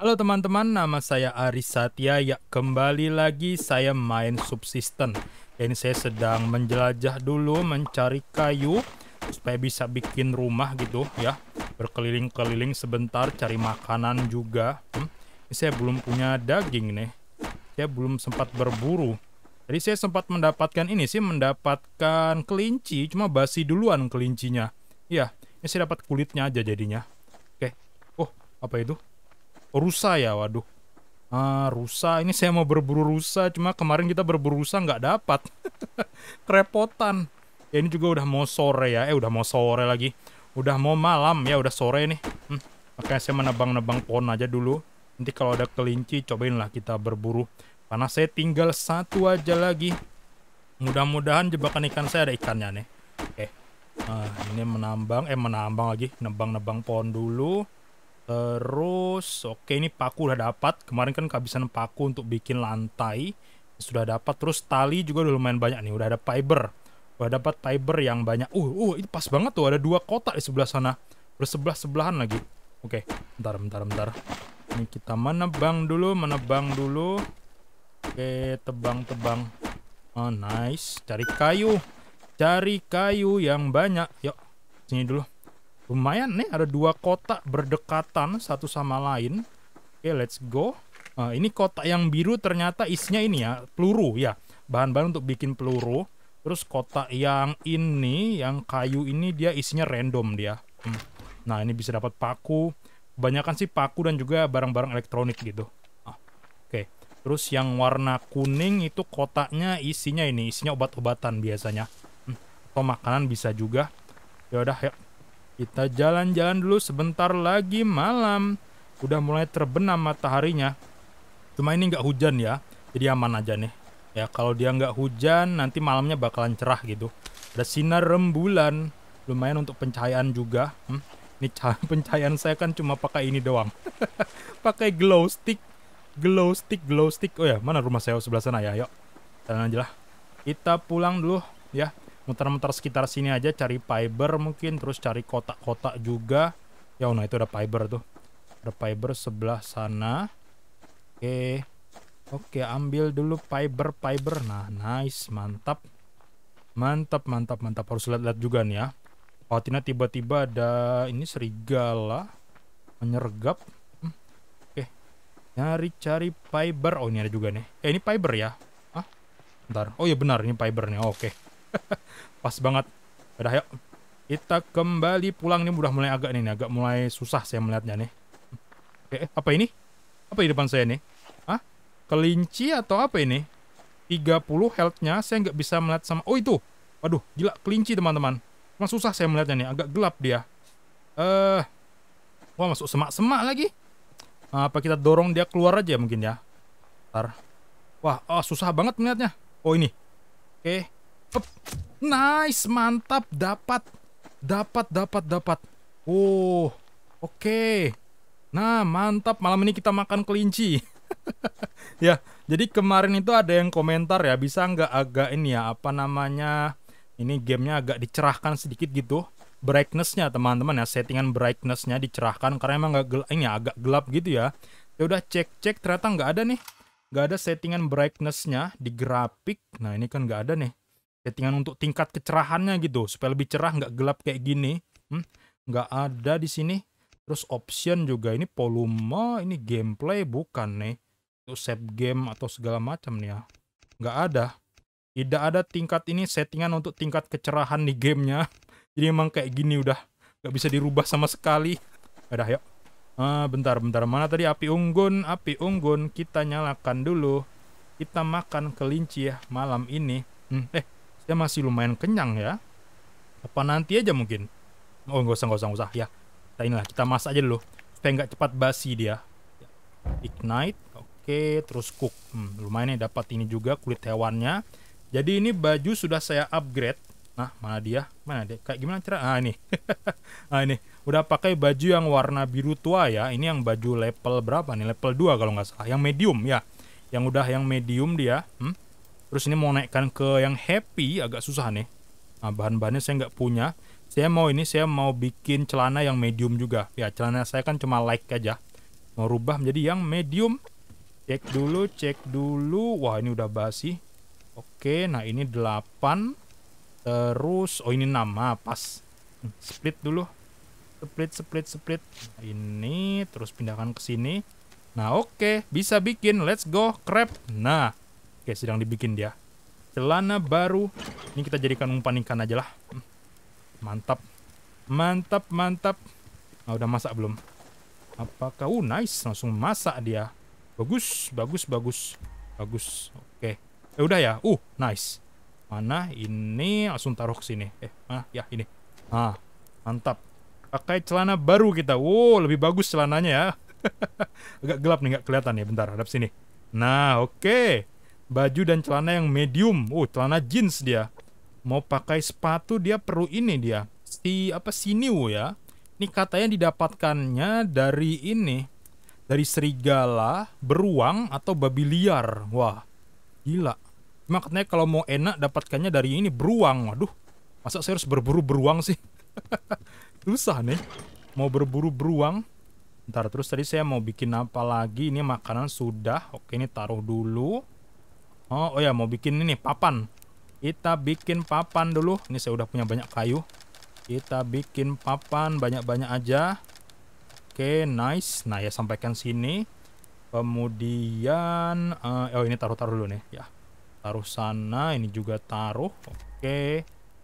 Halo teman-teman, nama saya Ari Satya. Ya, kembali lagi saya main subsisten. ini saya sedang menjelajah dulu mencari kayu supaya bisa bikin rumah gitu ya. Berkeliling-keliling sebentar cari makanan juga. Hmm. Ini saya belum punya daging nih. Saya belum sempat berburu. Jadi saya sempat mendapatkan ini sih mendapatkan kelinci, cuma basi duluan kelincinya. Ya, ini saya dapat kulitnya aja jadinya. Oke. Oh, apa itu? rusa ya waduh ah rusa ini saya mau berburu rusa cuma kemarin kita berburu rusa nggak dapat kerepotan ya ini juga udah mau sore ya eh udah mau sore lagi udah mau malam ya udah sore nih hmm, makanya saya menebang-nebang pohon aja dulu nanti kalau ada kelinci cobain lah kita berburu karena saya tinggal satu aja lagi mudah-mudahan jebakan ikan saya ada ikannya nih oke eh, ah, ini menambang eh menambang lagi nebang-nebang pohon dulu Terus, oke ini paku udah dapat. Kemarin kan kehabisan paku untuk bikin lantai. Sudah dapat. Terus tali juga udah lumayan banyak nih. Udah ada fiber. Udah dapat fiber yang banyak. Uh, uh, ini pas banget tuh. Ada dua kotak di sebelah sana. sebelah sebelahan lagi. Oke, okay. bentar, bentar, bentar. Ini kita menebang dulu, menebang dulu. Oke, tebang-tebang. Oh, nice. Cari kayu. Cari kayu yang banyak. Yuk, sini dulu lumayan nih ada dua kotak berdekatan satu sama lain oke okay, let's go uh, ini kotak yang biru ternyata isinya ini ya peluru ya bahan-bahan untuk bikin peluru terus kotak yang ini yang kayu ini dia isinya random dia hmm. nah ini bisa dapat paku kebanyakan sih paku dan juga barang-barang elektronik gitu ah, oke okay. terus yang warna kuning itu kotaknya isinya ini isinya obat-obatan biasanya hmm. atau makanan bisa juga ya udah ya kita jalan-jalan dulu sebentar lagi malam. Udah mulai terbenam mataharinya. Cuma ini nggak hujan ya, jadi aman aja nih. Ya kalau dia nggak hujan, nanti malamnya bakalan cerah gitu. Ada sinar rembulan, lumayan untuk pencahayaan juga. Hmm? Ini pencahayaan saya kan cuma pakai ini doang. pakai glow stick, glow stick, glow stick. Oh ya, mana rumah saya sebelah sana ya? Yuk, jalan aja lah. Kita pulang dulu ya muter-muter sekitar sini aja cari fiber mungkin terus cari kotak-kotak juga ya oh, nah itu ada fiber tuh ada fiber sebelah sana oke oke ambil dulu fiber fiber nah nice mantap mantap mantap mantap harus lihat-lihat juga nih ya oh, tiba-tiba ada ini serigala menyergap hmm, oke okay. nyari-cari fiber oh ini ada juga nih eh ini fiber ya ah ntar oh ya benar ini fibernya nih oke okay. Pas banget. Udah yuk. Kita kembali pulang nih udah mulai agak nih, nih agak mulai susah saya melihatnya nih. Oke, eh, eh, apa ini? Apa di depan saya nih? ah Kelinci atau apa ini? 30 healthnya saya nggak bisa melihat sama Oh itu. Waduh, gila kelinci teman-teman. Cuma susah saya melihatnya nih, agak gelap dia. Eh. Uh, wah, masuk semak-semak lagi. Apa kita dorong dia keluar aja mungkin ya? Ntar. Wah, oh, susah banget melihatnya. Oh ini. Oke. Okay. Nice, mantap, dapat. Dapat, dapat, dapat. Oh, oke. Okay. Nah, mantap. Malam ini kita makan kelinci. ya, jadi kemarin itu ada yang komentar ya, bisa nggak agak ini ya, apa namanya, ini gamenya agak dicerahkan sedikit gitu. Brightnessnya teman-teman ya, settingan brightnessnya dicerahkan karena emang nggak gelap, ini ya, agak gelap gitu ya. Ya udah cek-cek, ternyata nggak ada nih. Nggak ada settingan brightnessnya di grafik. Nah, ini kan nggak ada nih settingan untuk tingkat kecerahannya gitu supaya lebih cerah nggak gelap kayak gini hmm? nggak ada di sini terus option juga ini volume ini gameplay bukan nih untuk save game atau segala macam nih ya nggak ada tidak ada tingkat ini settingan untuk tingkat kecerahan di gamenya jadi emang kayak gini udah nggak bisa dirubah sama sekali Ada yuk ah, bentar bentar mana tadi api unggun api unggun kita nyalakan dulu kita makan kelinci ya malam ini hmm, eh saya masih lumayan kenyang ya. Apa nanti aja mungkin? Oh, nggak usah, nggak usah, nggak usah. Ya, kita inilah, kita masak aja dulu. Supaya nggak cepat basi dia. Ignite, oke, terus cook. Hmm, lumayan ya dapat ini juga kulit hewannya. Jadi ini baju sudah saya upgrade. Nah, mana dia? Mana dia? Kayak gimana cara? Ah, ini. ah, ini. Udah pakai baju yang warna biru tua ya. Ini yang baju level berapa nih? Level 2 kalau nggak salah. Yang medium ya. Yang udah yang medium dia. Hmm? Terus ini mau naikkan ke yang happy agak susah nih. Nah, bahan-bahannya saya nggak punya. Saya mau ini, saya mau bikin celana yang medium juga. Ya, celana saya kan cuma like aja. Mau rubah menjadi yang medium. Cek dulu, cek dulu. Wah, ini udah basi. Oke, nah ini 8. Terus, oh ini nama Nah, pas. Split dulu. Split, split, split. Nah, ini, terus pindahkan ke sini. Nah, oke. Bisa bikin. Let's go. crap. Nah, Oke, sedang dibikin dia. Celana baru. Ini kita jadikan umpan ikan aja lah. Mantap. Mantap, mantap. Nah, udah masak belum? Apakah? Oh, nice. Langsung masak dia. Bagus, bagus, bagus. Bagus. Oke. Eh, udah ya. Uh, nice. Mana? Ini langsung taruh ke sini. Eh, mana? Ya, ini. Ah, mantap. Pakai celana baru kita. Wow, lebih bagus celananya ya. Agak gelap nih, nggak kelihatan ya. Bentar, hadap sini. Nah, oke. Okay baju dan celana yang medium. Uh, celana jeans dia. Mau pakai sepatu dia perlu ini dia. Si apa sinew oh, ya. Ini katanya didapatkannya dari ini. Dari serigala, beruang atau babi liar. Wah, gila. Makanya kalau mau enak dapatkannya dari ini beruang. Waduh. Masa saya harus berburu beruang sih? Susah nih. Mau berburu beruang. Ntar terus tadi saya mau bikin apa lagi? Ini makanan sudah. Oke, ini taruh dulu Oh, oh ya mau bikin ini papan. Kita bikin papan dulu. Ini saya udah punya banyak kayu. Kita bikin papan banyak-banyak aja. Oke, okay, nice. Nah, ya sampaikan sini. Kemudian uh, oh ini taruh-taruh dulu nih, ya. Taruh sana, ini juga taruh. Oke. Okay.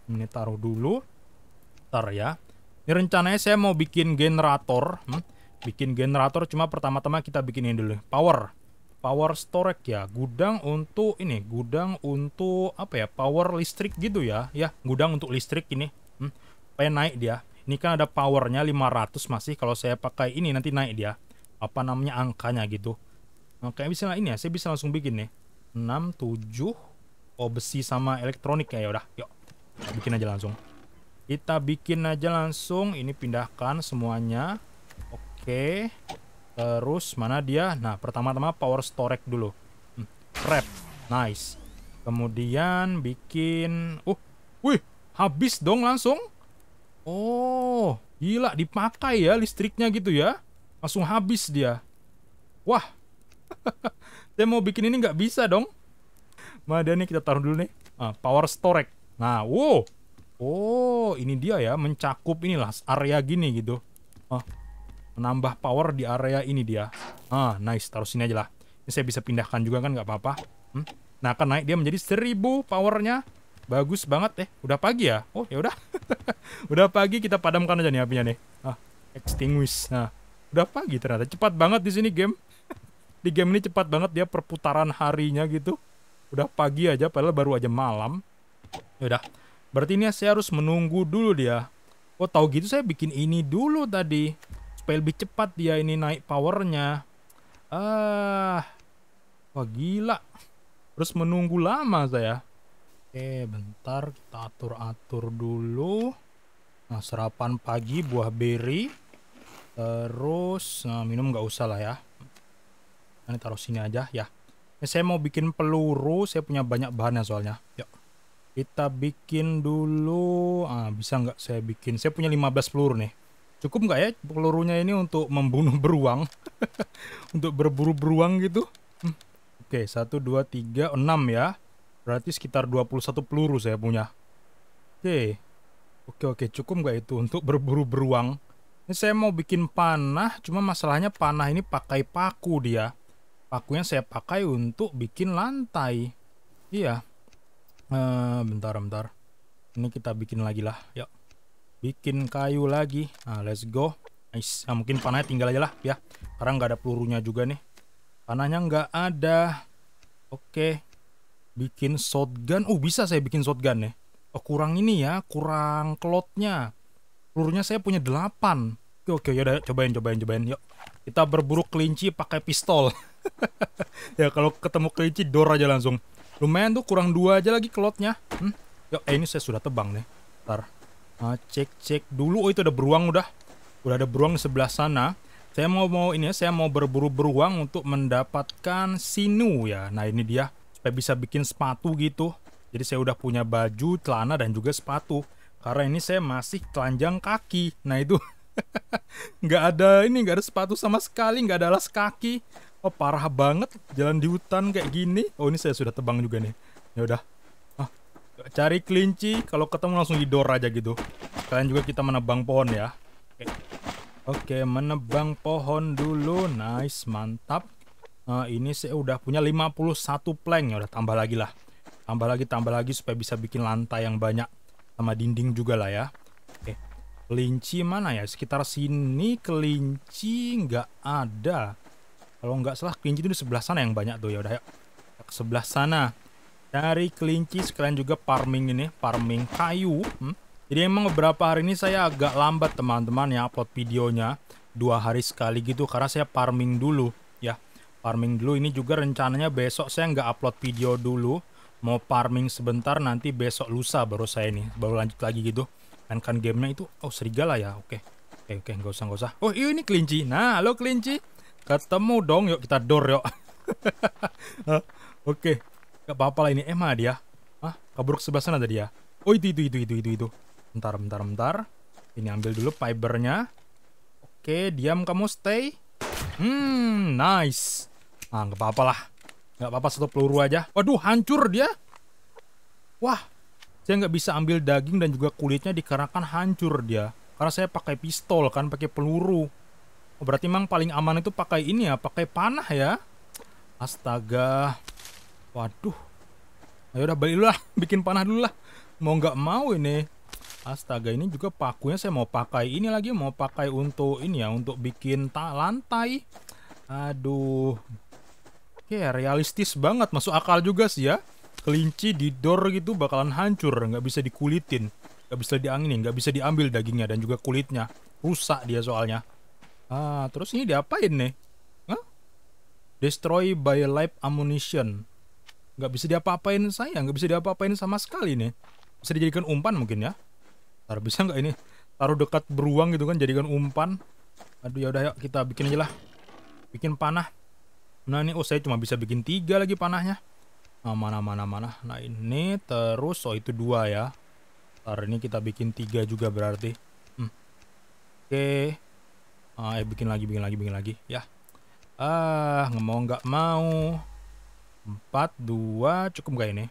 Ini taruh dulu. Ntar ya. Ini rencananya saya mau bikin generator, hmm? Bikin generator cuma pertama-tama kita bikin ini dulu, power power storage ya gudang untuk ini gudang untuk apa ya power listrik gitu ya ya gudang untuk listrik ini hmm, supaya naik dia ini kan ada powernya 500 masih kalau saya pakai ini nanti naik dia apa namanya angkanya gitu nah, kayak misalnya ini ya saya bisa langsung bikin nih 67 oh besi sama elektronik ya, ya udah yuk kita bikin aja langsung kita bikin aja langsung ini pindahkan semuanya oke okay. Terus mana dia? Nah, pertama-tama power storek dulu. Hmm, rep. Nice. Kemudian bikin uh, wih, habis dong langsung. Oh, gila dipakai ya listriknya gitu ya. Langsung habis dia. Wah. Saya mau bikin ini nggak bisa dong. nih kita taruh dulu nih. Ah, power storek. Nah, wow. Oh, ini dia ya mencakup inilah area gini gitu. Ah, Menambah power di area ini dia. Ah, nice. Taruh sini aja lah. Ini saya bisa pindahkan juga kan, nggak apa-apa. Hmm? Nah, akan naik dia menjadi seribu powernya. Bagus banget eh. Udah pagi ya? Oh, ya udah. udah pagi kita padamkan aja nih apinya nih. Ah, extinguish. Nah, udah pagi ternyata. Cepat banget di sini game. di game ini cepat banget dia perputaran harinya gitu. Udah pagi aja padahal baru aja malam. Ya udah. Berarti ini saya harus menunggu dulu dia. Oh, tahu gitu saya bikin ini dulu tadi supaya lebih cepat dia ini naik powernya ah wah gila terus menunggu lama saya oke bentar kita atur atur dulu nah sarapan pagi buah beri terus nah, minum nggak usah lah ya nah, ini taruh sini aja ya ini saya mau bikin peluru saya punya banyak bahan ya soalnya yuk kita bikin dulu ah bisa nggak saya bikin saya punya 15 peluru nih Cukup nggak ya pelurunya ini untuk membunuh beruang? untuk berburu beruang gitu? Hmm. Oke, satu dua tiga enam ya. Berarti sekitar 21 peluru saya punya. Oke. Oke, oke. Cukup nggak itu untuk berburu beruang? Ini saya mau bikin panah, cuma masalahnya panah ini pakai paku dia. Pakunya saya pakai untuk bikin lantai. Iya. Uh, bentar, bentar. Ini kita bikin lagi lah. Yuk bikin kayu lagi nah let's go nice nah, mungkin panahnya tinggal aja lah ya karena nggak ada pelurunya juga nih panahnya nggak ada oke bikin shotgun oh bisa saya bikin shotgun nih ya? oh, kurang ini ya kurang klotnya pelurunya saya punya 8 oke oke ya udah cobain cobain cobain yuk kita berburu kelinci pakai pistol ya kalau ketemu kelinci dor aja langsung lumayan tuh kurang dua aja lagi klotnya hmm? yuk eh ini saya sudah tebang nih ntar Uh, cek cek dulu oh itu ada beruang udah. Udah ada beruang di sebelah sana. Saya mau mau ini ya, saya mau berburu beruang untuk mendapatkan sinu ya. Nah, ini dia supaya bisa bikin sepatu gitu. Jadi saya udah punya baju, celana dan juga sepatu. Karena ini saya masih telanjang kaki. Nah, itu nggak ada ini nggak ada sepatu sama sekali nggak ada alas kaki oh parah banget jalan di hutan kayak gini oh ini saya sudah tebang juga nih ya udah cari kelinci kalau ketemu langsung didor aja gitu kalian juga kita menebang pohon ya oke okay. okay, menebang pohon dulu nice mantap uh, ini saya udah punya 51 plank ya udah tambah lagi lah tambah lagi tambah lagi supaya bisa bikin lantai yang banyak sama dinding juga lah ya oke okay. kelinci mana ya sekitar sini kelinci nggak ada kalau nggak salah kelinci itu di sebelah sana yang banyak tuh ya udah ya ke sebelah sana dari kelinci sekalian juga farming ini farming kayu hmm? jadi emang beberapa hari ini saya agak lambat teman-teman ya upload videonya dua hari sekali gitu karena saya farming dulu ya farming dulu ini juga rencananya besok saya nggak upload video dulu mau farming sebentar nanti besok lusa baru saya ini baru lanjut lagi gitu kan gamenya itu oh serigala ya oke okay. oke okay, oke okay, nggak usah nggak usah oh iya ini kelinci nah lo kelinci ketemu dong yuk kita dor yuk oke okay. Gak apa-apa lah ini. Eh, mana dia? Hah? ke sebelah sana tadi ya Oh, itu, itu, itu, itu, itu, itu. Bentar, bentar, bentar. Ini ambil dulu fibernya. Oke, diam kamu stay. Hmm, nice. Ah, gak apa-apa lah. Gak apa-apa, satu peluru aja. Waduh, hancur dia. Wah, saya gak bisa ambil daging dan juga kulitnya dikarenakan hancur dia. Karena saya pakai pistol kan, pakai peluru. Oh, berarti memang paling aman itu pakai ini ya, pakai panah ya. Astaga. Waduh. Ayo udah beli lah, bikin panah dulu lah. Mau nggak mau ini. Astaga, ini juga pakunya saya mau pakai ini lagi, mau pakai untuk ini ya, untuk bikin ta lantai. Aduh. Oke, yeah, realistis banget, masuk akal juga sih ya. Kelinci di door gitu bakalan hancur, nggak bisa dikulitin. Nggak bisa diangin nggak bisa diambil dagingnya dan juga kulitnya. Rusak dia soalnya. Ah, terus ini diapain nih? Huh? Destroy by live ammunition nggak bisa diapa-apain saya nggak bisa diapa-apain sama sekali nih bisa dijadikan umpan mungkin ya taruh bisa nggak ini taruh dekat beruang gitu kan jadikan umpan aduh ya udah yuk kita bikin aja lah bikin panah nah ini oh saya cuma bisa bikin tiga lagi panahnya nah, mana mana mana nah ini terus oh itu dua ya Ntar ini kita bikin tiga juga berarti hmm. oke okay. ah, eh bikin lagi bikin lagi bikin lagi ya ah nggak mau nggak mau 4, 2, cukup gak ini?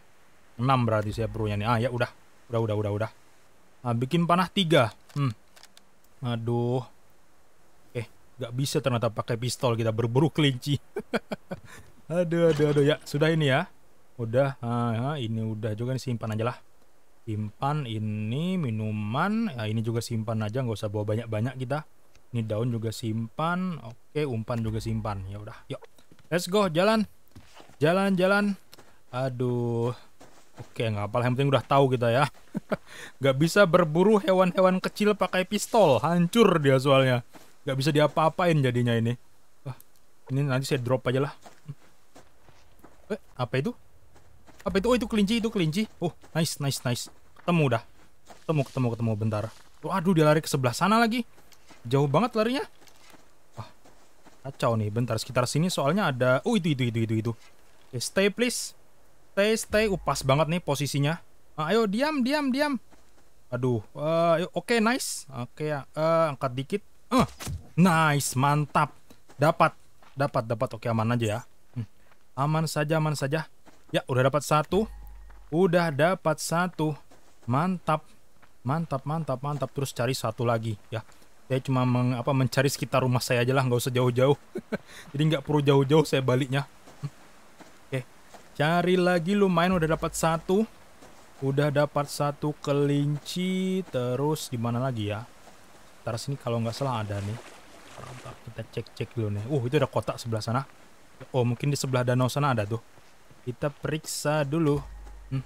6 berarti saya perlunya nih. Ah ya udah. Udah, udah, udah, udah. Nah, bikin panah 3. Hmm. Aduh. Eh, nggak bisa ternyata pakai pistol kita berburu kelinci. aduh, aduh, aduh. Ya, sudah ini ya. Udah, ah, ya, ini udah juga nih simpan aja lah. Simpan ini minuman. Ya, ini juga simpan aja, nggak usah bawa banyak-banyak kita. Ini daun juga simpan. Oke, umpan juga simpan. Ya udah, yuk. Let's go, jalan jalan-jalan aduh oke nggak apa yang penting udah tahu kita ya nggak bisa berburu hewan-hewan kecil pakai pistol hancur dia soalnya nggak bisa diapa-apain jadinya ini Wah, ini nanti saya drop aja lah eh apa itu apa itu oh itu kelinci itu kelinci oh nice nice nice ketemu dah ketemu ketemu ketemu bentar aduh dia lari ke sebelah sana lagi jauh banget larinya Wah, kacau nih bentar sekitar sini soalnya ada oh itu itu itu itu itu okay, stay please. Stay, stay. Upas uh, banget nih posisinya. Uh, ayo, diam, diam, diam. Aduh, uh, oke, okay, nice. Oke, okay, ya. uh, eh, angkat dikit. Uh, nice, mantap. Dapat, dapat, dapat. Oke, okay, aman aja ya. Hmm. Aman saja, aman saja. Ya, udah dapat satu. Udah dapat satu. Mantap, mantap, mantap, mantap. Terus cari satu lagi ya. Saya cuma meng, apa, mencari sekitar rumah saya aja lah, nggak usah jauh-jauh. Jadi nggak perlu jauh-jauh saya baliknya. Cari lagi lu main udah dapat satu. Udah dapat satu kelinci. Terus di mana lagi ya? terus sini kalau nggak salah ada nih. kita cek-cek dulu nih. Uh itu ada kotak sebelah sana. Oh mungkin di sebelah danau sana ada tuh. Kita periksa dulu. Hmm.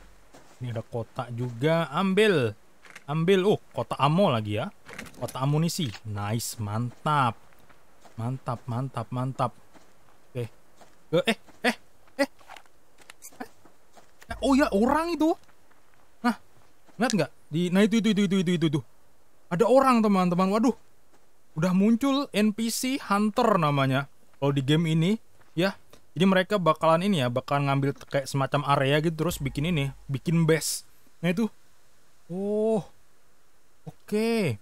Ini ada kotak juga. Ambil. Ambil. Uh kotak ammo lagi ya. Kotak amunisi. Nice. Mantap. Mantap, mantap, mantap. Oke. Eh, eh, eh oh ya orang itu nah lihat nggak di nah itu itu itu itu itu itu, itu. ada orang teman-teman waduh udah muncul NPC hunter namanya kalau di game ini ya jadi mereka bakalan ini ya bakalan ngambil kayak semacam area gitu terus bikin ini bikin base nah itu oh oke okay.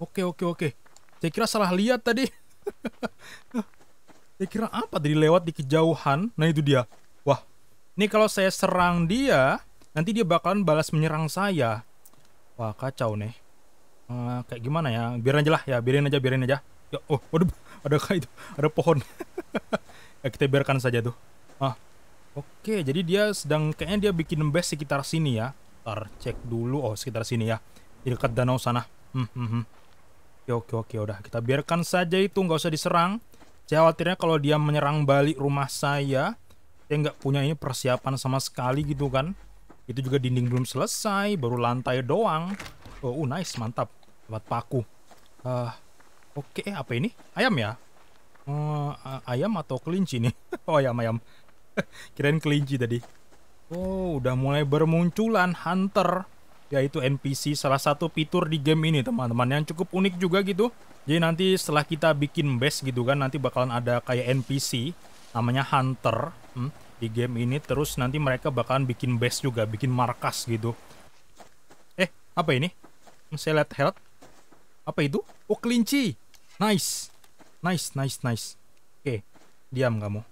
oke okay, oke okay, oke saya kira salah lihat tadi saya kira apa tadi lewat di kejauhan nah itu dia ini kalau saya serang dia, nanti dia bakalan balas menyerang saya. Wah, kacau nih. Uh, kayak gimana ya? Biarin aja lah ya, biarin aja, biarin aja. Ya, oh, waduh, ada kayak itu, ada pohon. ya, kita biarkan saja tuh. Ah, Oke, jadi dia sedang kayaknya dia bikin base sekitar sini ya. Ntar cek dulu, oh sekitar sini ya, di dekat danau sana. Hmm, hmm, hmm. Oke, ya, oke, oke, udah kita biarkan saja itu, nggak usah diserang. Saya khawatirnya kalau dia menyerang balik rumah saya, dia nggak punya ini persiapan sama sekali gitu kan itu juga dinding belum selesai baru lantai doang oh uh, nice mantap buat paku uh, oke okay, eh, apa ini ayam ya uh, ayam atau kelinci nih oh ayam ayam kirain kelinci tadi oh udah mulai bermunculan hunter yaitu NPC salah satu fitur di game ini teman-teman yang cukup unik juga gitu jadi nanti setelah kita bikin base gitu kan nanti bakalan ada kayak NPC namanya hunter hmm, di game ini terus nanti mereka bakalan bikin base juga bikin markas gitu eh apa ini hmm, saya lihat health apa itu oh kelinci nice nice nice nice oke okay. diam kamu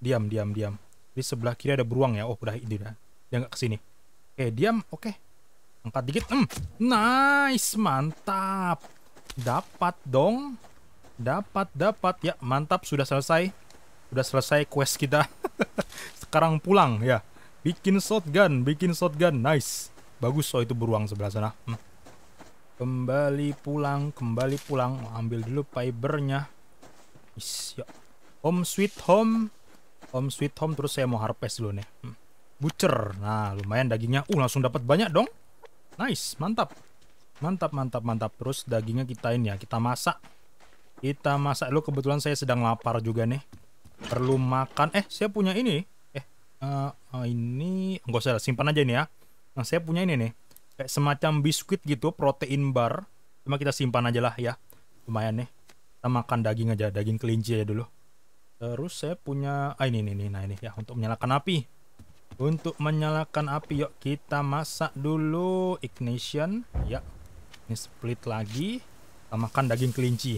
diam diam diam di sebelah kiri ada beruang ya oh udah itu udah dia nggak kesini oke diam oke okay. angkat dikit hmm nice mantap dapat dong dapat dapat ya mantap sudah selesai sudah selesai quest kita Sekarang pulang ya. Bikin shotgun, bikin shotgun. Nice. Bagus so itu beruang sebelah sana. Hmm. Kembali pulang, kembali pulang. Ambil dulu fibernya. Is, ya. Home sweet home. Home sweet home terus saya mau harpes dulu nih. Hmm. Butcher. Nah, lumayan dagingnya. Uh, langsung dapat banyak dong. Nice, mantap. Mantap, mantap, mantap. Terus dagingnya kita ini ya, kita masak. Kita masak. Lo kebetulan saya sedang lapar juga nih perlu makan eh saya punya ini eh uh, uh, ini enggak usah simpan aja ini ya nah saya punya ini nih kayak semacam biskuit gitu protein bar cuma kita simpan aja lah ya lumayan nih kita makan daging aja daging kelinci aja dulu terus saya punya ah ini ini, ini nah ini ya untuk menyalakan api untuk menyalakan api yuk kita masak dulu ignition ya ini split lagi kita makan daging kelinci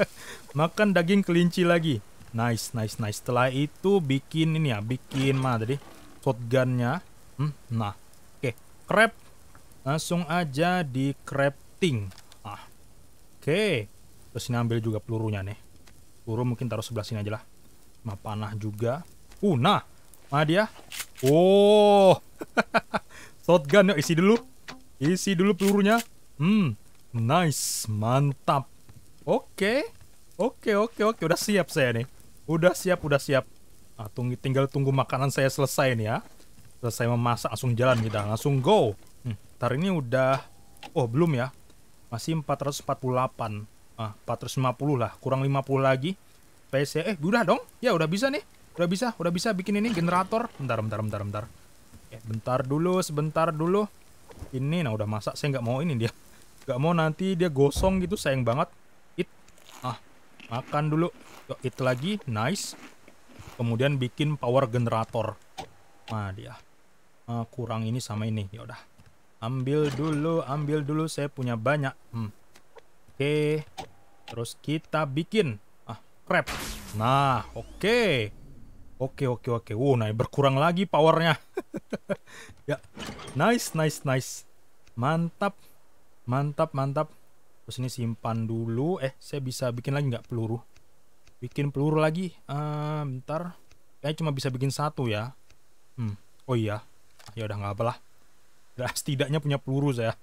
makan daging kelinci lagi Nice, nice, nice. Setelah itu bikin ini ya, bikin mana tadi? Shotgunnya. Hmm, nah, oke. Okay. Crab. Langsung aja di crafting. Ah, oke. Okay. Terus ini ambil juga pelurunya nih. Peluru mungkin taruh sebelah sini aja lah. Sama panah juga. Uh, nah. Mana dia? Oh. Shotgun, yuk isi dulu. Isi dulu pelurunya. Hmm, nice. Mantap. Oke. Okay. Oke, oke, oke. Udah siap saya nih. Udah siap, udah siap. Nah, tunggu, tinggal tunggu makanan saya selesai nih ya. Selesai memasak, langsung jalan kita. Langsung go. Hmm, tar ini udah... Oh, belum ya. Masih 448. Ah, 450 lah. Kurang 50 lagi. PC. Eh, udah dong. Ya, udah bisa nih. Udah bisa, udah bisa bikin ini generator. Bentar, bentar, bentar, bentar. Eh, bentar dulu, sebentar dulu. Ini, nah udah masak. Saya nggak mau ini dia. Nggak mau nanti dia gosong gitu, sayang banget makan dulu yuk itu lagi nice kemudian bikin power generator nah dia nah, kurang ini sama ini ya udah ambil dulu ambil dulu saya punya banyak hmm. oke terus kita bikin ah crap nah oke Oke oke oke. Wow, uh, naik berkurang lagi powernya. ya, nice nice nice. Mantap, mantap mantap terus ini simpan dulu eh saya bisa bikin lagi nggak peluru bikin peluru lagi uh, bentar kayaknya cuma bisa bikin satu ya hmm. oh iya ah, ya udah nggak apalah udah setidaknya punya peluru saya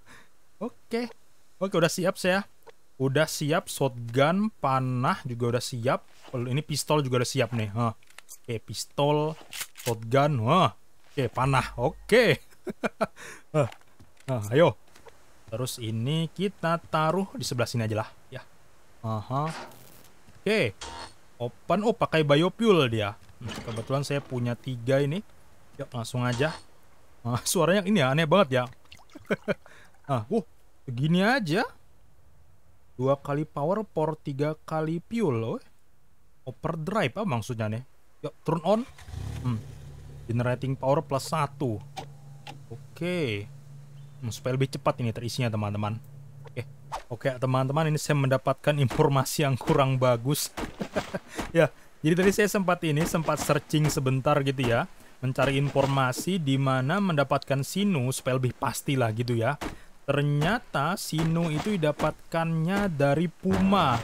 oke oke udah siap saya udah siap shotgun panah juga udah siap oh, ini pistol juga udah siap nih huh. oke pistol shotgun wah huh. oke panah oke huh. huh, ayo Terus ini kita taruh di sebelah sini aja lah. Ya. Aha. Oke. Okay. Open. Oh, pakai biofuel dia. Hmm, kebetulan saya punya tiga ini. Yuk, langsung aja. Ah, suaranya ini ya, aneh banget ya. Ah, uh, Begini aja. Dua kali power, por tiga kali fuel. loh. Overdrive apa ah, maksudnya nih? Yuk, turn on. Hmm. Generating power plus satu. Oke. Okay. Hmm, supaya lebih cepat ini terisinya teman-teman oke oke teman-teman ini saya mendapatkan informasi yang kurang bagus ya jadi tadi saya sempat ini sempat searching sebentar gitu ya mencari informasi di mana mendapatkan sinu supaya lebih pasti lah gitu ya Ternyata sinu itu didapatkannya dari Puma.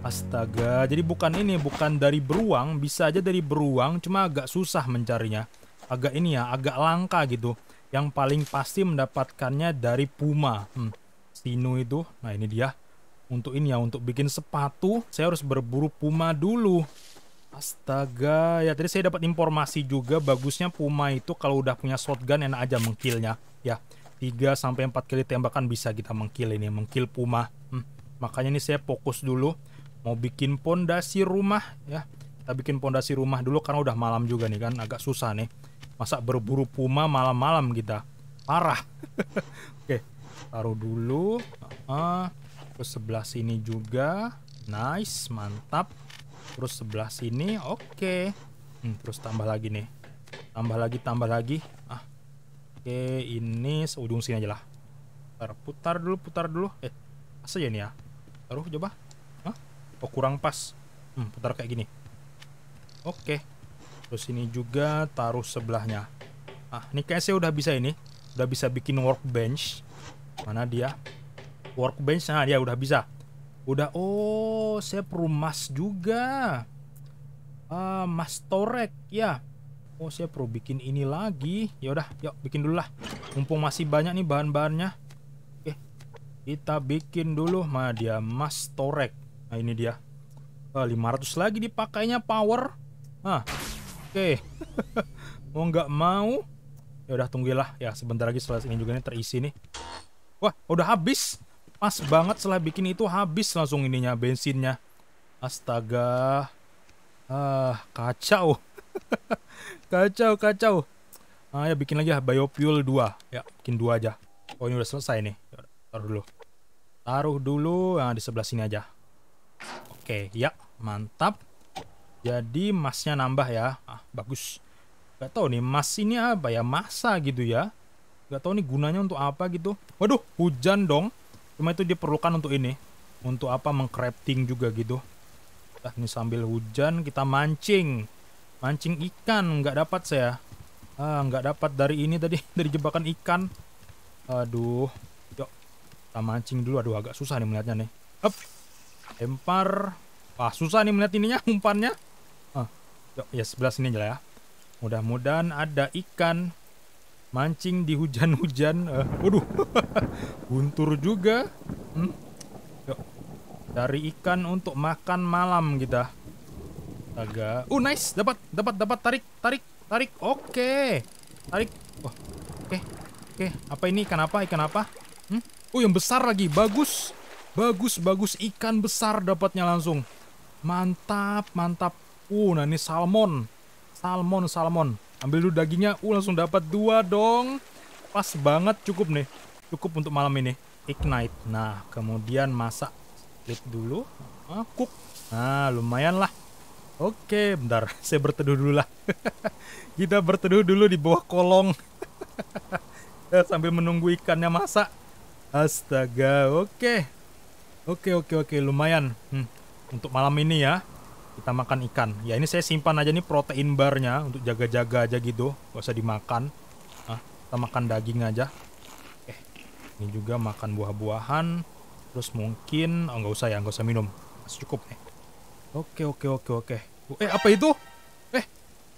Astaga, jadi bukan ini, bukan dari beruang, bisa aja dari beruang, cuma agak susah mencarinya agak ini ya, agak langka gitu. Yang paling pasti mendapatkannya dari Puma. Hmm. Sino itu, nah ini dia. Untuk ini ya, untuk bikin sepatu, saya harus berburu Puma dulu. Astaga, ya tadi saya dapat informasi juga bagusnya Puma itu kalau udah punya shotgun enak aja mengkilnya. Ya, 3 sampai 4 kali tembakan bisa kita mengkil ini, mengkil Puma. Hmm. Makanya ini saya fokus dulu mau bikin pondasi rumah ya kita bikin pondasi rumah dulu karena udah malam juga nih kan agak susah nih masa berburu puma malam-malam kita parah oke taruh dulu uh, terus sebelah sini juga nice mantap terus sebelah sini oke hmm, terus tambah lagi nih tambah lagi tambah lagi ah oke ini seujung sini aja lah putar putar dulu putar dulu eh apa ya nih ya taruh coba Hah? oh kurang pas hmm, putar kayak gini Oke. Terus ini juga taruh sebelahnya. Ah, ini kayaknya saya udah bisa ini. Udah bisa bikin workbench. Mana dia? Workbench, nah dia udah bisa. Udah, oh saya perlu mas juga. Ah, mas torek, ya. Oh saya perlu bikin ini lagi. Ya udah, yuk bikin dulu lah. Mumpung masih banyak nih bahan-bahannya. Oke, kita bikin dulu. Nah dia mas torek. Nah ini dia. 500 ah, lagi dipakainya power ah oke okay. mau nggak mau ya udah tunggulah ya sebentar lagi setelah ini juga nih terisi nih wah udah habis pas banget setelah bikin itu habis langsung ininya bensinnya astaga ah kacau kacau kacau ah ya bikin lagi biofuel 2 ya bikin dua aja oh ini udah selesai nih ya taruh dulu taruh dulu nah, di sebelah sini aja oke ya mantap jadi emasnya nambah ya. Ah, bagus. Gak tau nih emas ini apa ya? Masa gitu ya. Gak tau nih gunanya untuk apa gitu. Waduh, hujan dong. Cuma itu diperlukan untuk ini. Untuk apa mengcrafting juga gitu. Nah, ini sambil hujan kita mancing. Mancing ikan nggak dapat saya. Ah, nggak dapat dari ini tadi dari jebakan ikan. Aduh. Yuk. Kita mancing dulu. Aduh agak susah nih melihatnya nih. Up. Lempar. Wah, susah nih melihat ininya umpannya ya sebelah sini aja lah ya mudah-mudahan ada ikan mancing di hujan-hujan uh, waduh guntur juga hmm. yuk dari ikan untuk makan malam kita Agak, Uh nice, dapat, dapat, dapat, tarik, tarik, tarik. Oke, okay. tarik. oke oh. oke, okay. oke. Okay. Apa ini? Ikan apa? Ikan apa? Hmm? Oh yang besar lagi, bagus, bagus, bagus. Ikan besar dapatnya langsung. Mantap, mantap. Uh, nah ini salmon. Salmon, salmon. Ambil dulu dagingnya. Uh, langsung dapat dua dong. Pas banget cukup nih. Cukup untuk malam ini. Ignite. Nah, kemudian masak. Klik dulu. Ah, cook. Nah, lumayan lah. Oke, bentar. Saya berteduh dulu lah. Kita berteduh dulu di bawah kolong. Sambil menunggu ikannya masak. Astaga, oke. Oke, oke, oke. Lumayan. Hmm. Untuk malam ini ya kita makan ikan ya ini saya simpan aja nih protein barnya untuk jaga-jaga aja gitu gak usah dimakan nah, kita makan daging aja eh ini juga makan buah-buahan terus mungkin oh nggak usah ya nggak usah minum masih cukup eh oke oke oke oke oh, eh apa itu eh,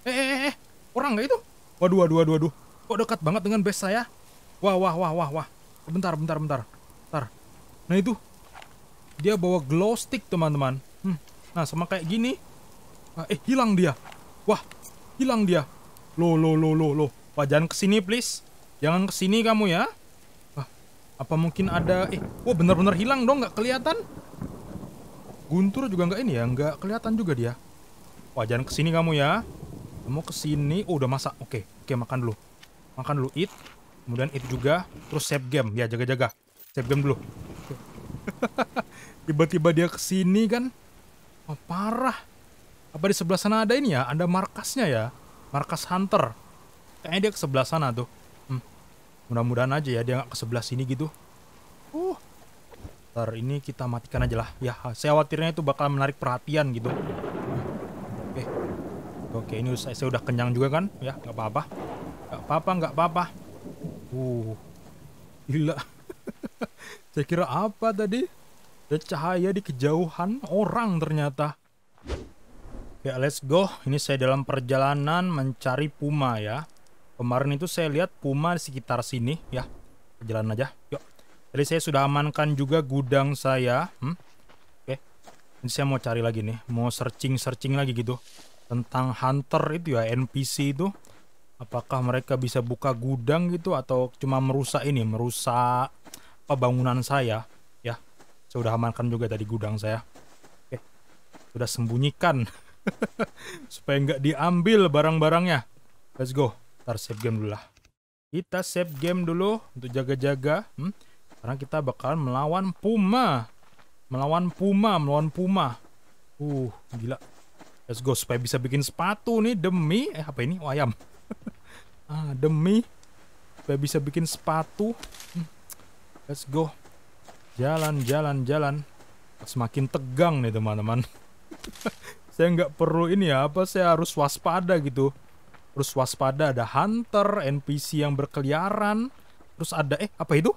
eh eh eh, eh. orang nggak itu waduh waduh waduh waduh kok dekat banget dengan base saya wah wah wah wah wah bentar bentar bentar bentar nah itu dia bawa glow stick teman-teman hmm Nah, sama kayak gini. Nah, eh, hilang dia. Wah, hilang dia. Loh, loh, loh, loh, loh. Wah, jangan kesini, please. Jangan kesini kamu ya. Wah, apa mungkin ada... Eh, wah bener-bener hilang dong, nggak kelihatan. Guntur juga nggak ini ya, nggak kelihatan juga dia. Wah, jangan kesini kamu ya. Kamu kesini. Oh, udah masak. Oke, oke, makan dulu. Makan dulu, eat. Kemudian eat juga. Terus save game. Ya, jaga-jaga. Save game dulu. Tiba-tiba dia kesini kan. Wah, parah. Apa di sebelah sana ada ini ya? Ada markasnya ya? Markas Hunter. Kayaknya dia ke sebelah sana tuh. Hmm. Mudah-mudahan aja ya dia nggak ke sebelah sini gitu. Uh. Ntar ini kita matikan aja lah. Ya, saya khawatirnya itu bakal menarik perhatian gitu. Oke. Okay. Oke, okay, ini saya, saya udah kenyang juga kan? Ya, nggak apa-apa. Nggak apa-apa, nggak apa-apa. Uh. Gila. saya kira apa tadi? Ada cahaya di kejauhan orang ternyata. Ya let's go. Ini saya dalam perjalanan mencari puma ya. Kemarin itu saya lihat puma di sekitar sini ya. Jalan aja. Yuk. Jadi saya sudah amankan juga gudang saya. Hmm? Oke. Ini saya mau cari lagi nih. Mau searching-searching lagi gitu. Tentang hunter itu ya, NPC itu apakah mereka bisa buka gudang gitu atau cuma merusak ini merusak apa bangunan saya saya udah amankan juga tadi gudang saya. Oke. Sudah sembunyikan. Supaya nggak diambil barang-barangnya. Let's go. Ntar save game dulu lah. Kita save game dulu untuk jaga-jaga. Hmm? sekarang kita bakalan melawan Puma. Melawan Puma, melawan Puma. Uh, gila. Let's go supaya bisa bikin sepatu nih demi eh apa ini? Oh, ayam. ah, demi supaya bisa bikin sepatu. Hmm. Let's go. Jalan, jalan, jalan. Semakin tegang nih teman-teman. saya nggak perlu ini ya, apa saya harus waspada gitu. Terus waspada ada hunter, NPC yang berkeliaran. Terus ada eh apa itu?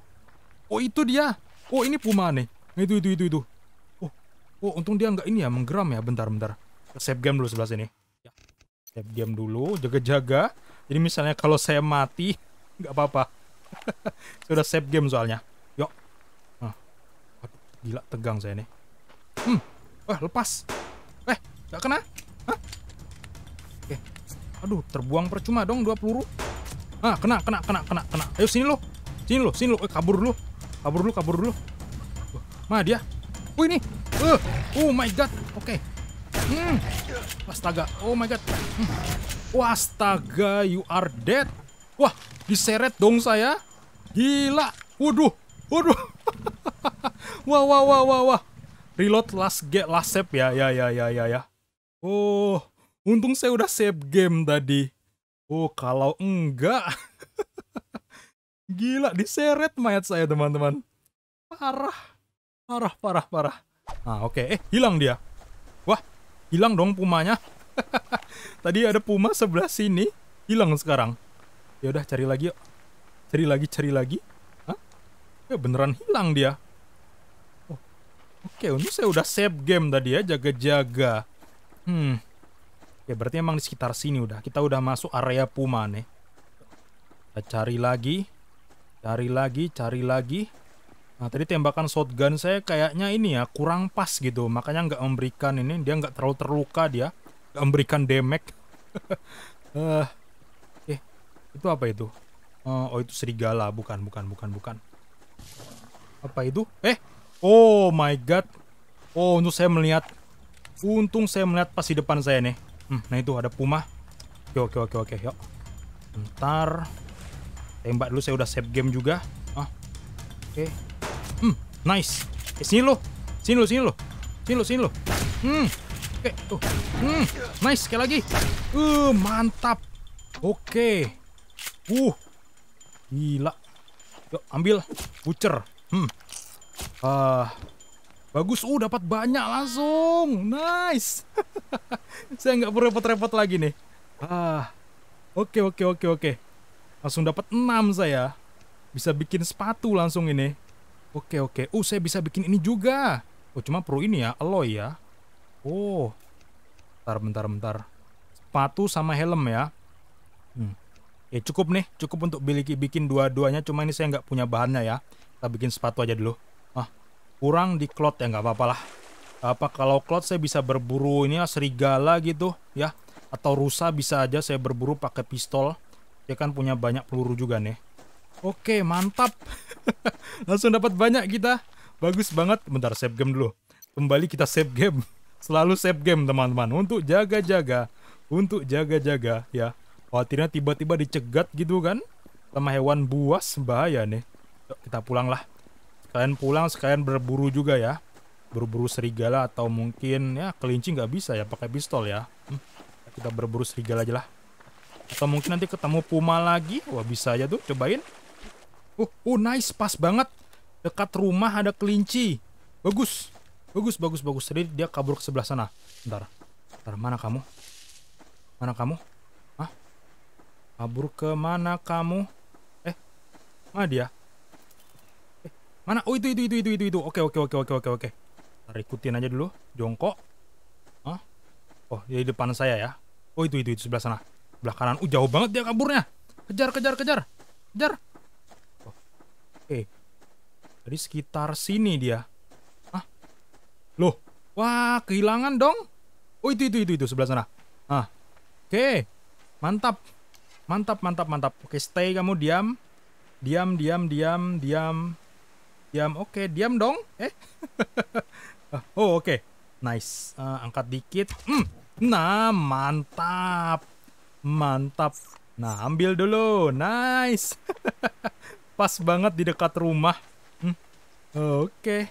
Oh itu dia. Oh ini puma nih. Nah, itu itu itu itu. Oh, oh untung dia nggak ini ya menggeram ya. Bentar bentar. Save game dulu sebelah sini. Ya. Save game dulu. Jaga-jaga. Jadi misalnya kalau saya mati nggak apa-apa. Sudah save game soalnya. Gila, tegang saya nih. Hmm. Wah, lepas. Eh, gak kena. Hah? Oke. Aduh, terbuang percuma dong dua peluru. Ah, kena, kena, kena, kena, kena. Ayo sini lo. Sini lo, sini lo. Eh, kabur dulu. Kabur dulu, kabur dulu. Wah, mana dia? Wih, ini. Uh, oh my god. Oke. Okay. Hmm. Astaga. Oh my god. Hmm. astaga, you are dead. Wah, diseret dong saya. Gila. Waduh. Waduh. Wah, wah, wah, wah, wah. Reload last get last save ya, ya, ya, ya, ya, ya. Oh, untung saya udah save game tadi. Oh, kalau enggak. Gila, diseret mayat saya, teman-teman. Parah. Parah, parah, parah. Nah, oke. Okay. Eh, hilang dia. Wah, hilang dong pumanya. tadi ada puma sebelah sini. Hilang sekarang. Ya udah cari lagi yuk. Cari lagi, cari lagi. Hah? Ya beneran hilang dia. Oke, untuk saya udah save game tadi ya, jaga-jaga. Hmm. Ya, berarti emang di sekitar sini udah. Kita udah masuk area Puma nih. Kita cari lagi. Cari lagi, cari lagi. Nah, tadi tembakan shotgun saya kayaknya ini ya, kurang pas gitu. Makanya nggak memberikan ini. Dia nggak terlalu terluka dia. Nggak memberikan damage. uh, eh, itu apa itu? Uh, oh, itu serigala. Bukan, bukan, bukan, bukan. Apa itu? Eh, Oh my god. Oh, untuk saya melihat untung saya melihat pas di depan saya nih. Hmm, nah itu ada puma. Oke, oke, oke, oke, yuk. Bentar. Tembak dulu saya udah save game juga. Ah. Oke. Okay. Hmm, nice. Eh, sini lo. Sini lo, sini lo. Sini lo, sini lo. Hmm. Oke, okay, tuh. Hmm, nice sekali lagi. Uh, mantap. Oke. Okay. Uh. Gila. Yuk, ambil butcher. Hmm. Ah, bagus. Uh, dapat banyak langsung. Nice. Saya nggak perlu repot-repot lagi nih. Ah, oke oke oke oke. Langsung dapat 6 saya. Bisa bikin sepatu langsung ini. Oke oke. Okay. Uh, saya bisa bikin ini juga. Oh, cuma perlu ini ya, alloy ya. Oh. Bentar bentar bentar. Sepatu sama helm ya. Hmm. Ya cukup nih, cukup untuk bikin dua-duanya. Cuma ini saya nggak punya bahannya ya. Kita bikin sepatu aja dulu kurang di klot ya nggak apa-apa lah apa kalau klot saya bisa berburu ini ya, serigala gitu ya atau rusa bisa aja saya berburu pakai pistol ya kan punya banyak peluru juga nih oke mantap langsung dapat banyak kita bagus banget bentar save game dulu kembali kita save game selalu save game teman-teman untuk jaga-jaga untuk jaga-jaga ya khawatirnya tiba-tiba dicegat gitu kan sama hewan buas bahaya nih Yuk, kita pulang lah Kalian pulang sekalian berburu juga ya. Berburu serigala atau mungkin ya kelinci nggak bisa ya pakai pistol ya. Hmm. Kita berburu serigala aja lah. Atau mungkin nanti ketemu puma lagi. Wah bisa aja tuh cobain. Uh, uh nice pas banget. Dekat rumah ada kelinci. Bagus. Bagus, bagus, bagus. Jadi dia kabur ke sebelah sana. ntar, ntar mana kamu? Mana kamu? ah? Kabur ke mana kamu? Eh, mana dia? Mana? Oh itu itu itu itu itu itu. Oke oke oke oke oke oke. Tarik ikutin aja dulu. Jongkok. Hah? Oh ya di depan saya ya. Oh itu itu itu sebelah sana. Sebelah kanan. Uh jauh banget dia kaburnya. Kejar kejar kejar. Kejar. Oh. Oke. Eh. Jadi sekitar sini dia. Hah? Loh. Wah kehilangan dong. Oh itu itu itu itu sebelah sana. Ah. Oke. Mantap. Mantap mantap mantap. Oke stay kamu diam. Diam diam diam diam. Diam, oke, okay. diam dong. Eh. Ah, oh, oke. Okay. Nice. Uh, angkat dikit. Mm. Nah, mantap. Mantap. Nah, ambil dulu. Nice. Pas banget di dekat rumah. Hmm. Oke. Okay.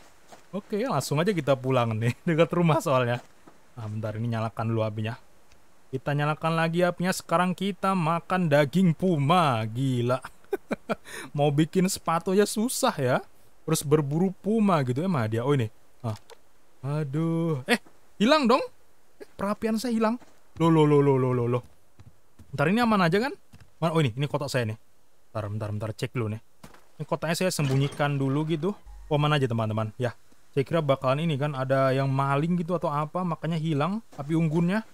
Oke, okay, langsung aja kita pulang nih. Dekat rumah soalnya. Nah, bentar ini nyalakan dulu apinya. Kita nyalakan lagi apinya. Sekarang kita makan daging puma. Gila. Mau bikin sepatu aja susah ya terus berburu puma gitu emang ya, dia oh ini ah. aduh eh hilang dong eh, perapian saya hilang lo lo lo lo lo lo lo ntar ini aman aja kan mana oh ini ini kotak saya nih ntar ntar ntar cek dulu nih ini kotaknya saya sembunyikan dulu gitu oh mana aja teman-teman ya saya kira bakalan ini kan ada yang maling gitu atau apa makanya hilang api unggunnya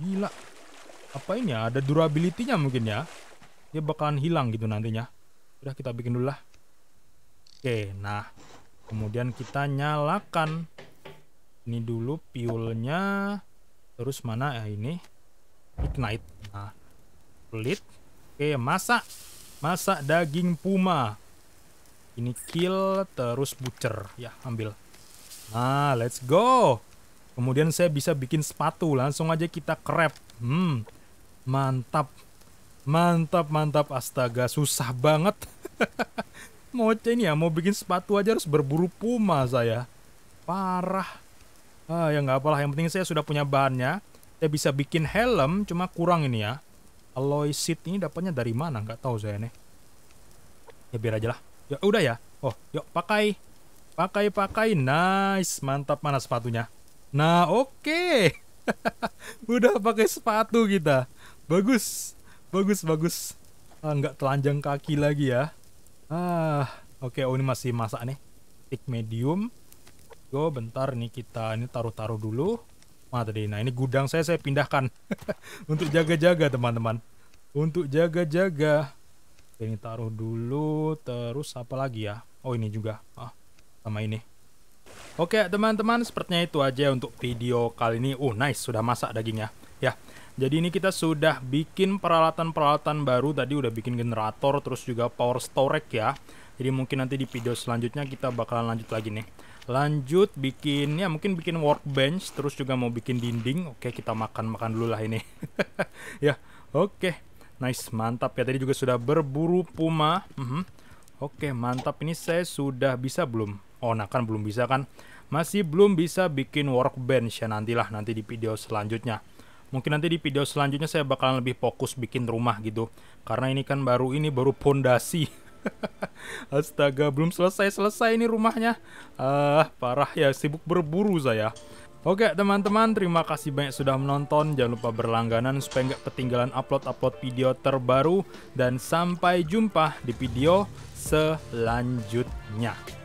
gila apa ini ya ada durability-nya mungkin ya dia bakalan hilang gitu nantinya udah kita bikin dulu lah Oke, nah kemudian kita nyalakan ini dulu piulnya terus mana ya ini ignite nah pelit oke masak masak daging puma ini kill terus butcher ya ambil nah let's go kemudian saya bisa bikin sepatu langsung aja kita crab hmm mantap mantap mantap astaga susah banget mau ini ya mau bikin sepatu aja harus berburu puma saya parah ah ya nggak apalah yang penting saya sudah punya bahannya saya bisa bikin helm cuma kurang ini ya alloy seat ini dapatnya dari mana nggak tahu saya nih ya biar aja lah ya udah ya oh yuk pakai pakai pakai nice mantap mana sepatunya nah oke okay. udah pakai sepatu kita bagus bagus bagus ah, nggak telanjang kaki lagi ya Ah, oke, okay, oh ini masih masak nih. Stick medium. Go, bentar nih kita ini taruh-taruh dulu. Mana tadi? Nah, ini gudang saya saya pindahkan untuk jaga-jaga, teman-teman. Untuk jaga-jaga. Ini taruh dulu, terus apa lagi ya? Oh, ini juga. Ah, sama ini. Oke, teman-teman, sepertinya itu aja untuk video kali ini. Oh, nice, sudah masak dagingnya. Ya, jadi ini kita sudah bikin peralatan-peralatan baru tadi udah bikin generator terus juga power storage ya. Jadi mungkin nanti di video selanjutnya kita bakalan lanjut lagi nih. Lanjut bikin ya mungkin bikin workbench terus juga mau bikin dinding. Oke, kita makan-makan dulu lah ini. ya, oke. Nice, mantap ya. Tadi juga sudah berburu puma. Uh mhm. -huh. Oke, mantap. Ini saya sudah bisa belum? Oh, nah kan belum bisa kan. Masih belum bisa bikin workbench ya nantilah nanti di video selanjutnya. Mungkin nanti di video selanjutnya saya bakalan lebih fokus bikin rumah gitu. Karena ini kan baru ini baru pondasi. Astaga, belum selesai-selesai ini rumahnya. Ah, uh, parah ya, sibuk berburu saya. Oke teman-teman, terima kasih banyak sudah menonton. Jangan lupa berlangganan supaya nggak ketinggalan upload-upload video terbaru. Dan sampai jumpa di video selanjutnya.